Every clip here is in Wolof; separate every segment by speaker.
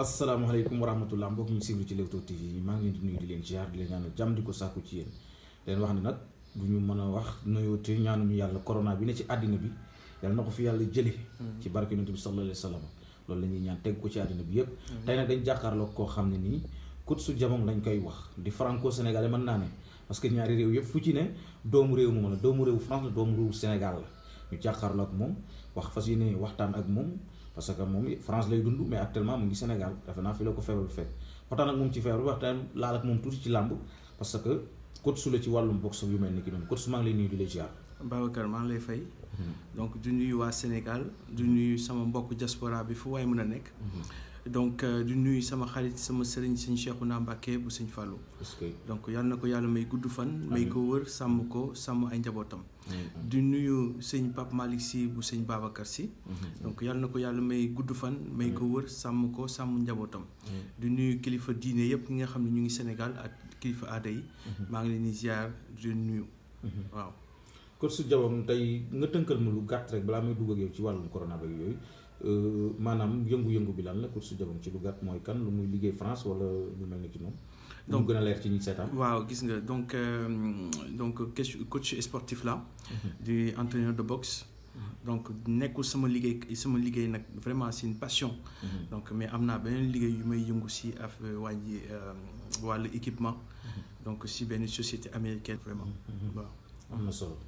Speaker 1: asalaamaaleykum wa rahmatullah mbokk ñu suivre ci Leewtoo TV maa ngi leen di nuyu di leen ziar di leen ñaanal jàmm di ko sàkku ci yéen leen wax ne nag du ñu mën a wax nuyoo te ñaanuñu yàlla corona bi ne ci àddina bi yàlla na ko fi yàlla jëlee ci barke yonent bi sallallahu alayhi loolu la ñuy ñaan teg ko ci àddina bi yépp tey nag dañ jàkkaarloo koo xam ne nii kut su jamong lañ koy wax di franco sénégalais mën naa ne parce que ñaari réew yëpp fu ci ne doomu réew moom la doomu réewu France la doomu réewu ñu jàkkaarloo ak moom wax fas ne waxtaan ak moom parce que moom France lay dund mais actuellement mu ngi Sénégal defe naa fi la ko feebar bu fekk waxtaan ak moom ci feebar waxtaan laal ak moom tuuti ci làmb parce que coach su la ci wàllum boxe yu mel ni ki noonu coach su maa ngi lay nuyu di la ziar.
Speaker 2: Babacar maa ngi lay fay. Mhm. donc du nuyu waa Sénégal du nuyu sama mbokk diaspora bi fu waay mën a nekk. Mhm. donc euh, di nuyu sama xarit sama sëriñ sëñ naa Mbacké bu sëñ Fallou. donc yal na ko yàlla may gudd fan. may ko wër sàmm ko sàmm njabootam. di nuyu sëñ Pape Malick Sy sëñ Babacar Sy. donc yal na ko yàlla may gudd fan. may ko wër sàmm ko sàmm njabootam. di nuyu kilifa diine yëpp nga xam ne ñu ngi senegal ak kilifa aada yi. Mhm.
Speaker 1: maa ngi leen di ziar di nuyu. Mhm. waaw. kon su jabam tey nga tënkal ma lu gàtt rek balaa may dugg ak yow ci wàllum corona yooyu. Euh, maanaam yëngu-yëngu bi lan la course jabon ci lu gàtt mooy kan lu muy liggéey France wala lu mel ni ci moom. donc gën a leer ci ñi seetaan. waaw gis
Speaker 2: nga donc euh, donc coach sportif la. Mhm. du entraîneur de box mhm. donc nekkul sama liggéey sama liggéey nag vraiment c'est une passion. Mhm. donc mais am naa beneen liggéey yu may yëngu si af waa euh, équipement. donc si
Speaker 1: benn société américaine vraiment. waaw na solo.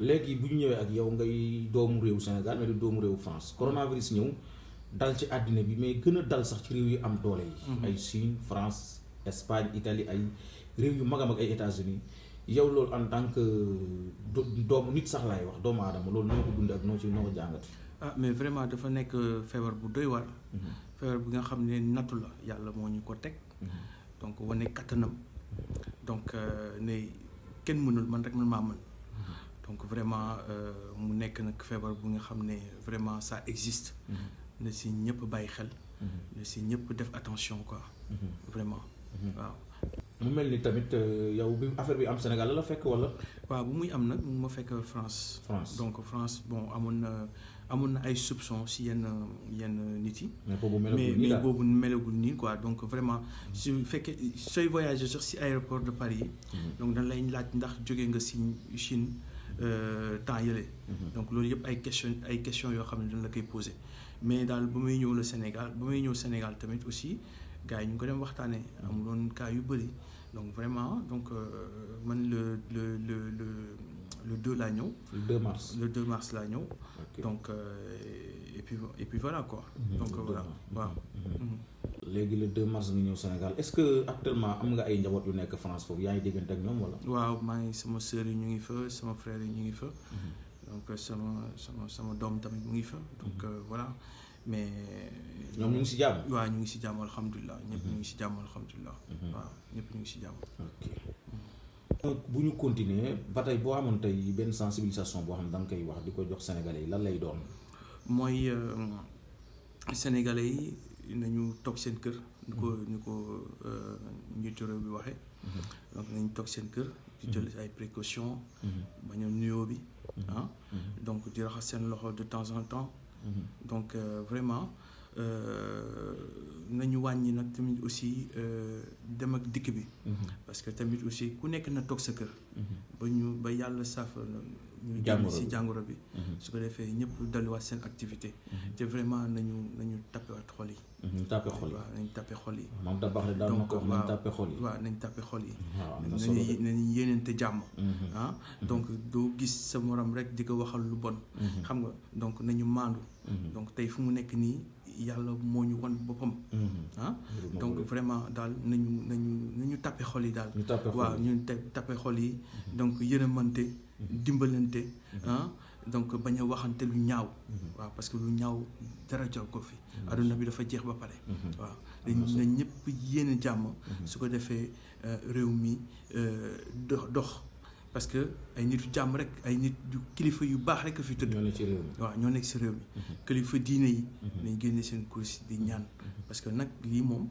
Speaker 1: léegi bu ñu ñëwee ak yow ngay doomu réewu Sénégal mais du doomu réewu France coronavirus ñëw dal ci àddina bi mais gën a dal sax ci réew yu am doole yi. Mhm. ay Chine France Espagne Italie ay réew yu mag a mag ay États-Unis yow loolu en tant que euh, doomu nit sax laay wax doomu aadama loolu noo ko dundee ak noo ci noo ko jàngat.
Speaker 2: ah mais vraiment dafa nekk euh, feebar bu doy waar. Mhm. feebar bi nga xam ne nattu la yàlla moo ñu ko teg. Mhm. donc wane kattanam. donc euh, ne kenn mënul man rek man maa mën. donc vraiment euh, mu nekk nag feebar bu nga xam ne vraiment sa existe mm-hmm. na si ñëpp bàyyi xel mm-hmm. na si ñëpp def attention quoi mm-hmm. vraiment waaw
Speaker 1: mu mel ni tamit
Speaker 2: euh, yow bi affaire bi am Sénégal la la fekk wala. waaw bu muy am nag mu ma fekk France. France donc France bon amoon na amoon na ay soupçons si yenn yenn nit yi. mais boobu melagul nii mais nii quoi donc vraiment. su fekkee sooy voyager sax si aéroport de Paris. donc dañ lay laaj ndax jóge nga si Chine. Euh, temps yële. Mhm. donc loolu yëpp ay question ay question yoo xam ne dañ la koy posé mais daal ba muy ñëw la Sénégal ba muy ñëw Sénégal tamit aussi gars yi ñu ko dem waxtaanee mhm. amul woon cas yu bëri donc vraiment donc euh, man le le le le laa ñëw. le 2 mars le 2 mars laa ñëw. donc euh, et puis voilà quoi. Mhm. donc voilà waaw.
Speaker 1: léegi le 2 mars nga ñëw Sénégal est-ce que actuellement am nga ay njaboot yu nekk France foofu yaa ngi diggante ak ñoom wala.
Speaker 2: waaw maa ngi sama sœur yi ñu ngi fa sama frère yi ñu ngi fa. Mhm. donc sama sama sama doom tamit mu ngi fa. donc mhm. euh, voilà mais. ñoom ñu ngi si jàmm. waaw ñu ngi si jàmm alhamdulilah. ñëpp ñu mhm. ngi si jàmm alhamdulilah. waaw ñëpp ñu ngi si jàmm.
Speaker 1: Euh, bu ñu continuer ba tey boo amoon tey benn sensibilisation boo xam da nga koy wax di ko jox sénégalais yi lan lay doom
Speaker 2: mooy euh, sénégalais yi. nañu toog seen kër. nu ko ñu mm-hmm. ko euh, njiitu réew bi waxee. Mm-hmm. donc nañu toog seen kër. di jël mm-hmm. ay précautions. bañoo nuyo bi. ah donc di raxas seen loxo de temps en temps. donc euh, vraiment euh, nañu wàññi nag tamit aussi dem ak dikk bi. parce que tamit aussi ku nekk na toog sa kër. ba ñu ba yàlla saafara. ñu jàll jàngoro bi mm-hmm. su ko defee ñëpp delluwaat seen activité mm-hmm. te vraiment nañu nañu tappewaat xol yi ñu mm-hmm. tàppe xol yi
Speaker 1: nañ tàppe xol yi moom da baax de daal donc yi waaw nañ tàppe xol yi nañu
Speaker 2: nañu yéeneente jàmm ah doo gis sa morom rek di ko waxal lu bon xam nga donc nañu maandu donc tey fu mu nekk nii yàlla moo ñu wan boppam ah donc vraiment daal nañu nañu nañu tàppe xol yi daal waaw ñu tàppe xol yi donc yërëmante dimbalante mhm. ah donc bañ a waxante lu ñaaw mhm. waaw parce que lu ñaaw dara jar ko fi mhm. aduna bi dafa jeex ba pare waaw dañ ñëpp yéene jàmm su ko defee euh, réew mi euh, dox dox parce que ay nit yu jàmm rek ay nit yu kilifa yu baax rek a fi tëdd. ñoo nekk ci réew mi waaw ñoo nekk si réew mi. Mhm. kilifa diine yi. Mhm. nañ génne seen kursi di mhm. ñaan. parce que nag lii moom.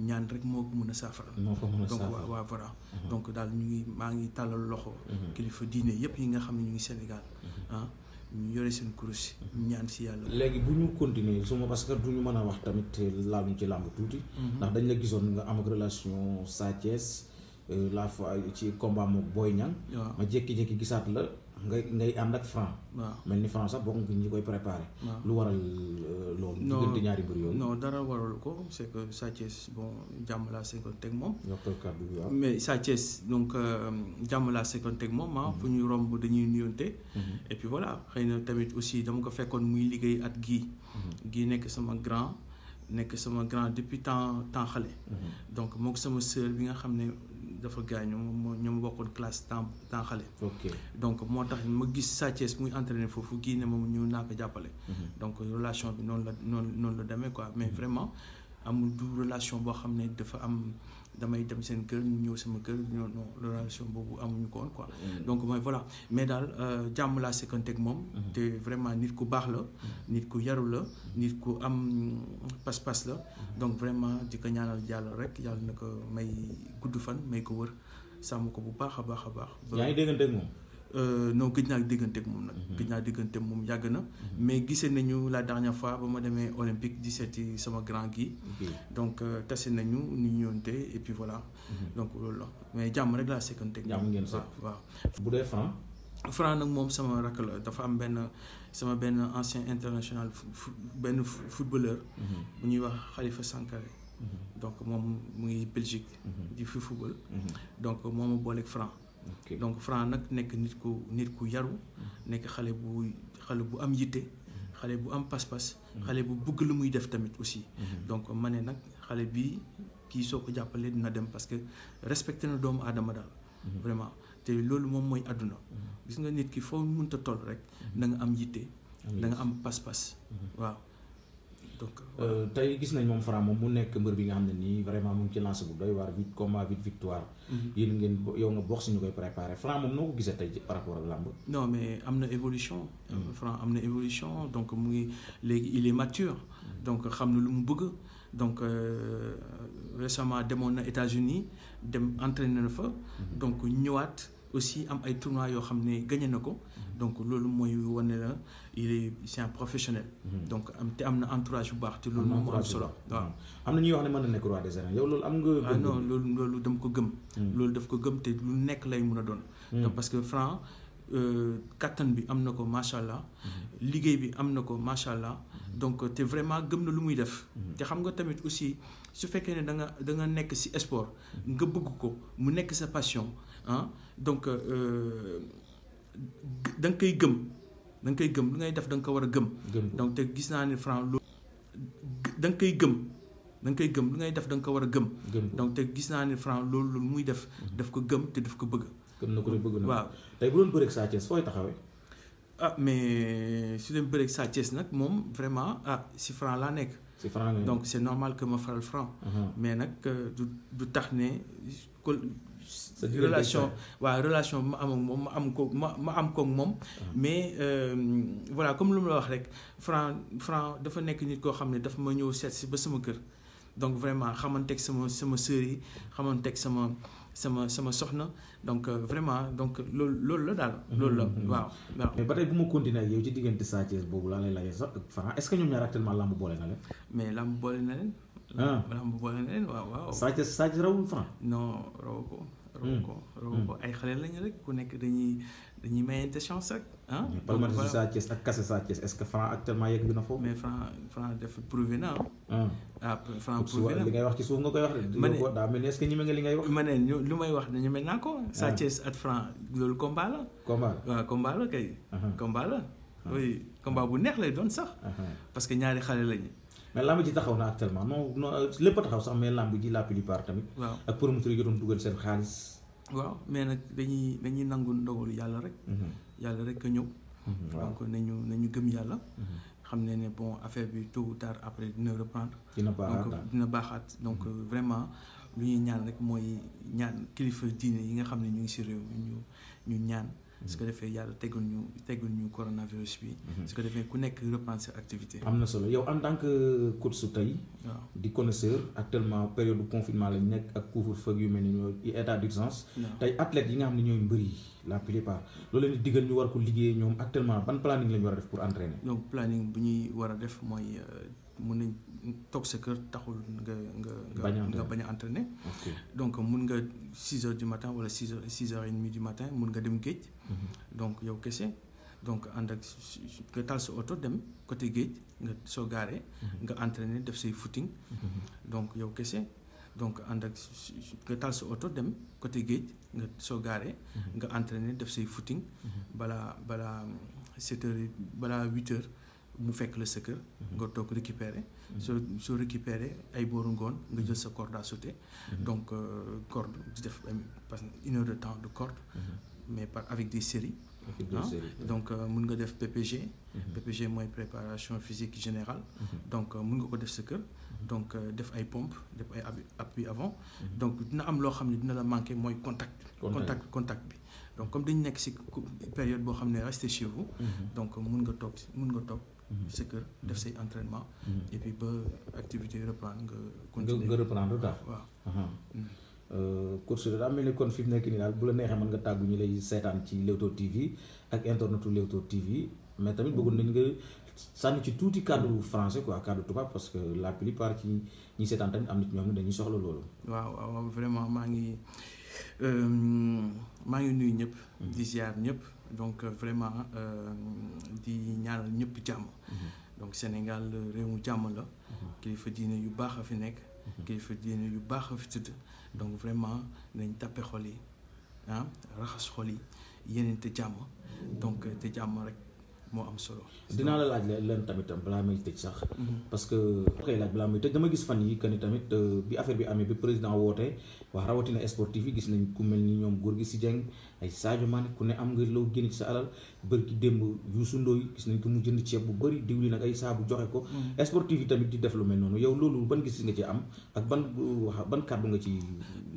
Speaker 2: ñaan rek moo ko mën a saafara. moo ko a saafara donc waaw donc daal ñu ngi maa ngi tàllal loxo. kilifa diine yëpp yi nga xam ne ñu ngi Sénégal. ah ñu yore
Speaker 1: seen kursi. ñaan si yàlla. léegi bu ñu continuer suma parce que du ñu mën a wax tamit eh, laal ñu ci làmb tuuti. ndax dañ la gisoon nga am ak relation Sa Euh, la fois euh, ci combat moom Boy Niang ma jékki-jékki gisaat la ngay ngay ànd ak Franc mel ni Franc sax bokk nga ñi koy préparé lu waral euh, loolu diggante ñaari mbir yooyu non
Speaker 2: dara waral ko c'est que Sa Thiès bon jàmm laa sekkoon teg moom mais Sa donc jàmm laa sekkoon teg moom ah mm-hmm. ñuy romb dañuy nuyonte mm-hmm. et puis voilà xëy na tamit aussi dama ko fekkoon muy liggéey at gii mm-hmm. gii nekk sama grand nekk sama grand depuis temps temps xale donc mook sama sœur bi nga xam ne dafa gaañu moom ñoom bokkoon classe temps temps xale. donc moo tax ma gis Sa Thiès muy entraîné foofu gii ne moom ñu naa ko jàppale. Mhm. donc relation bi noonu la noonu noonu la demee quoi mais mhm. vraiment amul du relation boo xam ne dafa am. damay dem seen kër ñu ñëw sama kër ñoo non relation boobu amuñu ko woon quoi mm. donc mooy voilà mais daal euh, jàmm laa sekkante ak moom mm. te vraiment nit ku baax la mm. nit ku yaru la nit ku am pas-pas la donc vraiment di ñaanal yàlla rek yàlla na ko may gudd fan may ko wër sàmm ko bu baax a baax a baax yaa ngi déggante ak moom Euh, non gëj naa dégganteeg moom nag. Mhm. gëj naa dégganteeg moom yàgg na. Mhm. mais gisee nañu la dernière fois ba ma demee olympique di seeti sama grand kii. donc euh, tase nañu nu ñu yoonte et puis voilà. Mhm. donc loolu la mais jàmm rek laa sekkanteeg. jàmm ngeen sax
Speaker 3: waaw bu dee Franc.
Speaker 2: Franc nag moom sama rakk la dafa am benn sama benn ancien international benn footballeur. mu ñuy wax Khalifa Sankare. donc moom mu ngi Belgique. di fi football. donc moom a booleeg Franc. donc Franc nag nekk nit ku nit ku yaru mhm. nekk xale bu xale bu am yitte mhm. xale bu am pas-pas mhm. xale bu bugg lu muy def tamit aussi donc ma ne nag xale bi kii soo ko jàppalee dina dem parce que respecté na doomu aadama daal vraiment te loolu moom mooy àdduna gis nga nit ki foo mënta toll rek da nga am yitte da nga am pas-pas
Speaker 1: waaw Euh, tey gis nañ moom Franc moom mu nekk mbër bi nga xam ne nii vraiment mu ngi ci lancé bu doy waar vite combat vite victoire. Mhm. yéen ngeen nga bokk si ñu koy préparé Franc moom noo ko gisee tey par rapport a làmb.
Speaker 2: non mais am na évolution. Mhm. Euh, Franc am na évolution donc mu ngi léegi il est mature. Mhm. donc xam na lu mu bëgg. donc euh, récemment demoon na États-Unis dem entraîné na fa. donc ñëwaat. aussi am ay tournois yoo xam ne gagné na ko mhm. donc loolu mooy wane la il professionnel. Mhm. donc am te am na entourage bu baax te loolu moom moo solo
Speaker 1: waaw. am na ñuy wax mhm. ne mën na nekk roi des arènes yow loolu am nga. ah loolu loolu dama ko gëm. loolu daf ko gëm te lu
Speaker 2: nekk lay mun a doon. parce que Franc euh, kattan bi am na ko macha allah. liggéey bi am na ko macha allah. donc te vraiment gëm na lu muy def. te xam nga tamit aussi su fekkee ne da nga da nga nekk si sport nga ko mu nekk sa passion. ah donc euh, da nga koy gëm da koy gëm lu ngay def da nga ko war a gëm. donc te gis naa ne Franc lu da nga koy gëm da koy gëm lu ngay def da nga ko war a gëm. donc te gis naa ne Franc loolu loolu muy def. Mm-hmm. daf ko gëm te daf ko
Speaker 1: bëgg. gëm na ko te bëgg na waaw tey bu doon bëreeg Sa Thiès fooy taxawee.
Speaker 2: ah mais su dee bëreeg Sa Thiès nag moom vraiment ah si Franc laa nekk. si Franc donc c' est normal que ma faral Franc. Mm-hmm. mais nag euh, du tax ne relation waaw relation ma am ak moom ma am ko ma ma am koog moom ah. mais euh, voilà comme lu ma la wax rek Franc Franc dafa nekk nit koo xam ne dafa ma ñëw seet si ba sama kër donc vraiment xamanteeg sama sama sœur yi xamanteeg sama sama sama soxna
Speaker 1: donc euh, vraiment donc loolu loolu la daal mm-hmm, loolu la mm-hmm. waaw waaw mais ba tey bu ma continuer ak ci diggante Sa Thiès boobu laa lay laajee sax ak Franc est-ce que ñoom ñaar actuellement làmb boole na leen mais làmb boole na leen ah.
Speaker 2: làmb boole na leen Sadio
Speaker 1: Sadio rawul Franc. non rawu ko. rawu ko
Speaker 2: ay xale lañ rek ku nekk dañuy dañuy mayante chance rek. ah hmm. palmarès su Sa
Speaker 1: Thiès ak kase Sa Thiès est-ce que Franc actuellement yegg na foofu. mais Franc Franc def prouvé na ah. Hmm. ah Franc prouvé li ngay wax ci suuf nga koy wax. ma ne daa mel ni est-ce que ñeme nga li ngay wax. ma ne ñu lu may wax ne ñeme naa ko. Hmm. Sa Thiès
Speaker 2: ak Franc loolu combat la. combat la waaw combat la kay. combat la oui
Speaker 1: combat bu neex lay doon sax. parce que ñaari xale lañu. mais làmb ji taxaw na actuellement non lépp a taxaw sax mais làmb ji la plupart tamit. waaw ak promoteurs yi jotoon dugal seen xaalis.
Speaker 2: waaw mais nag dañuy dañuy nangu ndogalu yàlla rek. Mhm. yàlla rek a ñëw. Mhm, donc nañu nañu gëm yàlla. Mhm. xam ne ne bon affaire bi tôt ou tard après dina reprendre. dina baaxaat donc dina baaxaat donc euh, vraiment lu ñuy ñaan rek mooy ñaan kilifa diine yi nga xam ne ñu ngi si réew ñu ñu ñaan. su ko defee yàlla tegul ñu tegul ñu coronavirus bi. Mhm. su ko defee ku nekk repenser activité. am na solo
Speaker 1: yow en tant que coach su tey. waaw di connaisseur actuellement période de confinement lañ nekk ak couvre-feu yu mel ni ñooy état d'urgence. tey athlètes yi nga xam ne ñooy mbër yi la plupart loolu leen diggal ñu war ko liggéey ñoom actuellement ban planning la war a def pour entraîner.
Speaker 2: donc planning bu ñuy war a def mooy euh, mun nañ. toog sa kër taxul nga nga nga bañ a donc mun nga six heures du matin wala six heures six heures matin mun nga dem géej mhm. donc yow kese donc ànd ak nga taal sa oto dem côté géej nga soo gaaree mhm. nga entraîner def say footing mhm. yow kese donc ànd ak oto dem côté géej nga soo gaaree nga def say footing balaa balaa sept heures balaa huit mu fekk la sa kër. Mhm. nga toog récupérer mhm. soo soo récupérer ay booru ngoon nga jël sa corde à sauter. Mhm. donc euh, corde di def euh, parce que une de temps de corde. mais par avec des séries. donc euh, mun nga def PPG. PPG mooy préparation physique générale. donc mun nga ko def sa kër. donc def ay pompe def ay appui avant. donc dina am loo xam ne dina la manqué mooy contact. contact contact bi donc comme dañu nekk ci période boo xam ne restez chez donc mun nga toog mun nga toog. Mm-hmm. sa kër def say entraînement. Mm-hmm. et puis ba activité reprendre nga. continuer nga reprendre daal
Speaker 1: waaw. course bi daa mel fi mu nekk nii daal bu la neexee mën nga tàggu ñu lay seetaan ci Leewtoo TV ak internetu Leewtoo TV mais tamit bëggoon nañ nga sànni ci tuuti cadre français quoi cadre tubaab parce que la plupart ci ñi seetaan tamit am na ci ñoom ne dañuy soxla loolu.
Speaker 2: waaw waaw vraiment maa ngi euh, maa ngi nuyu ñëpp. Mm-hmm. di ziar donc euh, vraiment euh, di ñaanal ñëpp jàmm mhm. donc Sénégal euh, réew mu jàmm la mhm. kilifa diine yu baax a fi nekk mhm. kilifa diine yu baax a fi tëdd donc vraiment nañ tappe xol yi ah
Speaker 1: raxas xol yi yeneen te jàmm donc te jàmm rek moo am solo. dinaa la laaj leen tamit balaa may tëj sax. Mhm. parce que koy balaa may tëj dama gis fan yi que ni tamit euh, bi affaire bi amee bi président woote wax rawatina sportif yi gis nañ ku mel ni ñoom Gorgui Sy Dieng ay Sadio Mané ku ne am nga loo génn ci sa alal bër gi démb Youssou Ndoye gis nañ ko mu jënd ceeb bu bëri diwlin nag ay saabu joxe ko. Mhm. sportif yi tamit di def lu mel noonu yow loolu ban gis nga ci am ak ban ban kàddu nga ci.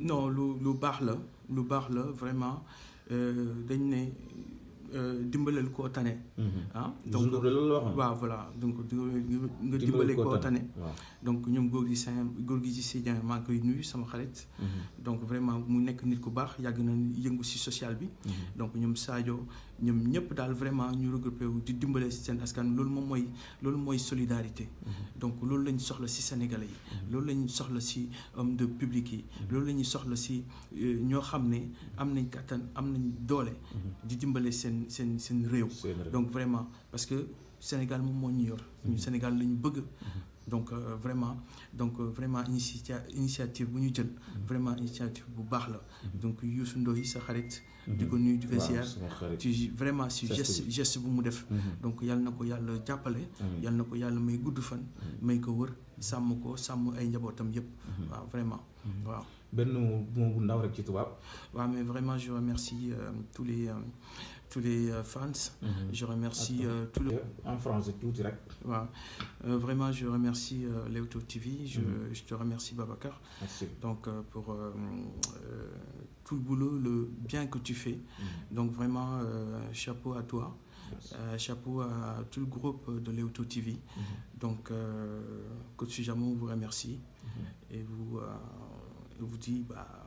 Speaker 1: non lu lu baax la lu baax la vraiment
Speaker 2: euh, dañ ne. Euh, dimbalal koo tane. Mhm. ah donc loolu la waaw voilà donc nga dimbale koo tane. donc ñoom góor gi Saint góor gi si Dieng maa koy nuyu sama xarit. Mhm. donc vraiment mu nekk nit ku baax yàgg na yëngu si sociale bi. Mhm. donc ñoom Sadio. ñoom ñëpp daal vraiment ñu regroupé wu di dimbale si seen askan loolu moom mooy loolu mooy solidarité mm-hmm. donc loolu la soxla si sénégalais yi mm-hmm. loolu la soxla si homme de public yi mm-hmm. loolu la ñu soxla si euh, ñoo xam ne am nañ kattan am nañ doole di dimbale seen seen seen réew donc vraiment parce que Sénégal moom moo ñu yor Sénégal lañu bëgg donc euh, vraiment donc euh, vraiment initia initiative bu ñu jël mm-hmm. vraiment initiative bu baax la mm-hmm. donc Youssou Ndoye sa xarit mm-hmm. di ko nuyu di ko ziar ci vraiment si geste geste bu mu def donc yàlla na ko yàlla jàppale yàlla na ko yàlla may gudd fan may ko wër sàmm ko sàmm ay njabootam yépp waaw vraiment waaw benn mot ndaw rek ci tubaab waaw mais vraiment je remercie euh, tous les tous les euh, fans. Mhm. je remercie euh, tout le. Euh, en français tuuti rek. waaw vraiment je remercie Leewtoo TV. je mhm. je te remercie Babacar. merci donc pour tout le boulot le bien que tu fais. Mhm. donc vraiment chapeau à toi. chapeau à tout le groupe de Leewtoo TV. donc Coach Jamon vous remercie. et vous vous dit bah.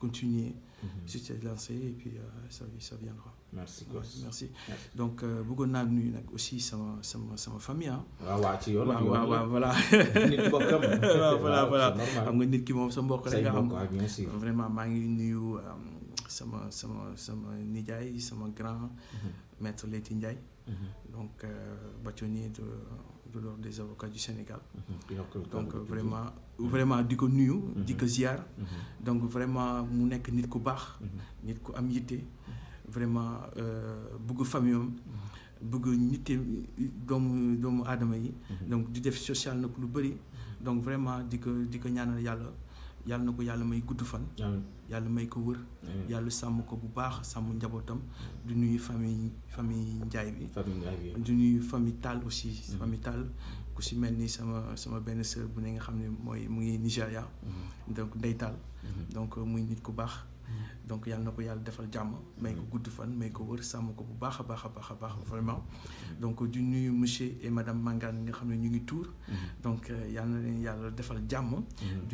Speaker 2: continuer mhm. sur cette lancée et puis euh, ça ça viendra. merci merci. donc bëggoon naa nuyu nag aussi sama sama sama famille ah. waaw waaw ci yoon waaw waaw voilà. nit mbokkam. voilà voilà xam nga nit ki moom sa mbokk rek nga am vraiment maa ngi nuyu sama sama sama nijaay sama grand mhm. maître Leyti Ndiaye. Mhm. donc euh, bâtonnier de. du doon des avocats du Sénégal. Mhm. donc vraiment mhm. vraiment di ko nuyu. di ko mhm. ziar. donc vraiment mu nekk nit ku baax. nit ku am yitte. vraiment euh, bëgg famille am bëgg nit doomu doomu aadama yi. donc di def social nag lu bëri. donc vraiment di ko di ko ñaanal yàlla. yàlla na ko yàlla may gudd fan yàlla may ko wër yàlla sàmm ko bu baax sàmm njabootam du nuyu famille famille Njaay bi du nuyu famille Tall aussi mm-hmm. famille Tall ku si mel ni sama sama benn sœur bu ne nga xam ne mooy mu ngi Nigéria mm-hmm. donc Ndey Tall mm-hmm. donc muy nit ku baax donc yàlla na ko yàlla defal jàmm may ko gudd fan may ko wër sàmm ko bu baax a baax a baax a baax vraiment donc du nuyu monsieur et madame Mangane nga xam ne ñu ngi tuur donc euh, yàlla na leen yàlla defal jàmm